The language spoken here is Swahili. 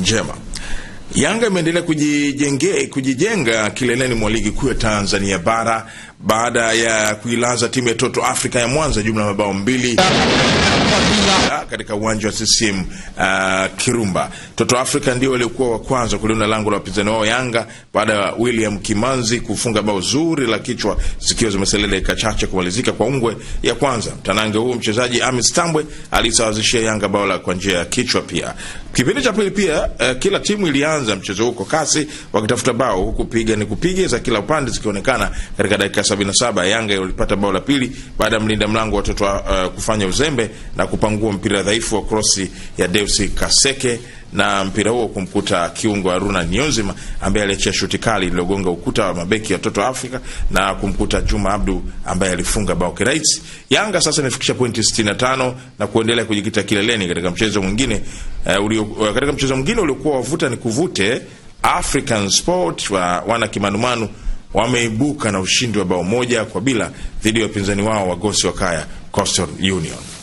njema. Yanga imeendelea kujijenga kileleni mwa ligi kuu ya Tanzania bara baada ya kuilaza timu ya Toto Afrika ya Mwanza jumla mabao mbili katika uwanja wa CCM uh, Kirumba. Toto Africa ndio waliokuwa wa kwanza kuliona lango la wapinzani wao Yanga baada ya William Kimanzi kufunga bao zuri la kichwa zikiwa zimesalia dakika chache kumalizika kwa ungwe ya kwanza. Mtanange huo mchezaji Amis Tambwe alisawazishia Yanga bao la kwa njia ya kichwa pia. Kipindi cha pili pia uh, kila timu ilianza mchezo huko kasi wakitafuta bao huku piga ni kupiga za kila upande zikionekana katika dakika na saba Yanga walipata bao la pili baada ya mlinda mlango watoto uh, kufanya uzembe na kupangua mpira ya dhaifu wa krosi ya Deusi Kaseke na mpira huo kumkuta kiungo Haruna Niyonzima ambaye aliachia shuti kali iliyogonga ukuta wa mabeki watoto Afrika na kumkuta Juma Abdu ambaye alifunga bao kiraiti. Yanga sasa imefikisha pointi 65 na kuendelea kujikita kileleni katika mchezo mwingine uh, uh, katika mchezo mwingine uliokuwa wavuta ni kuvute African Sport wa, wana kimanumanu wameibuka na ushindi wa bao moja kwa bila dhidi ya wapinzani wao wagosi wa kaya Coastal Union.